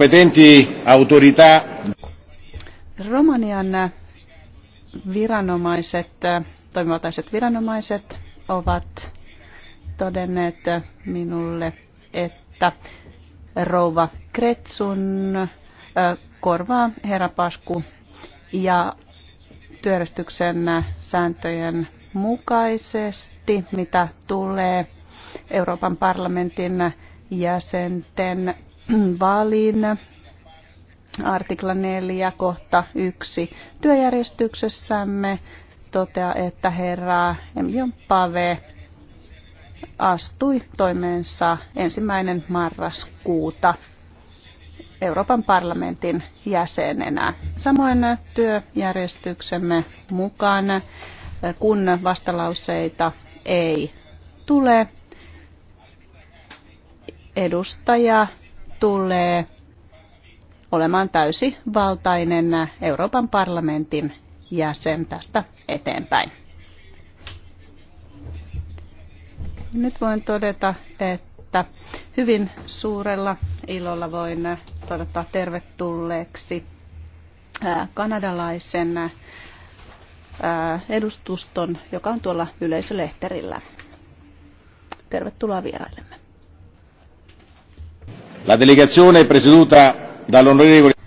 competenti autorità. Romanian viranomaiset, toimivaltaiset viranomaiset ovat todenneet minulle, että rouva Kretsun korvaa herra Pasku ja työjärjestyksen sääntöjen mukaisesti, mitä tulee Euroopan parlamentin jäsenten valin artikla 4 kohta 1 työjärjestyksessämme toteaa, että herra Emilion Pave astui toimeensa ensimmäinen marraskuuta Euroopan parlamentin jäsenenä. Samoin työjärjestyksemme mukaan, kun vastalauseita ei tule, edustaja tulee olemaan täysivaltainen Euroopan parlamentin jäsen tästä eteenpäin. Nyt voin todeta, että hyvin suurella ilolla voin todeta tervetulleeksi kanadalaisen edustuston, joka on tuolla yleisölehterillä. Tervetuloa vieraille la delegazione presieduta dall'on.